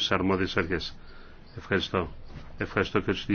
στους αρμόδιες αρχές. Ευχαριστώ. Ευχαριστώ και τους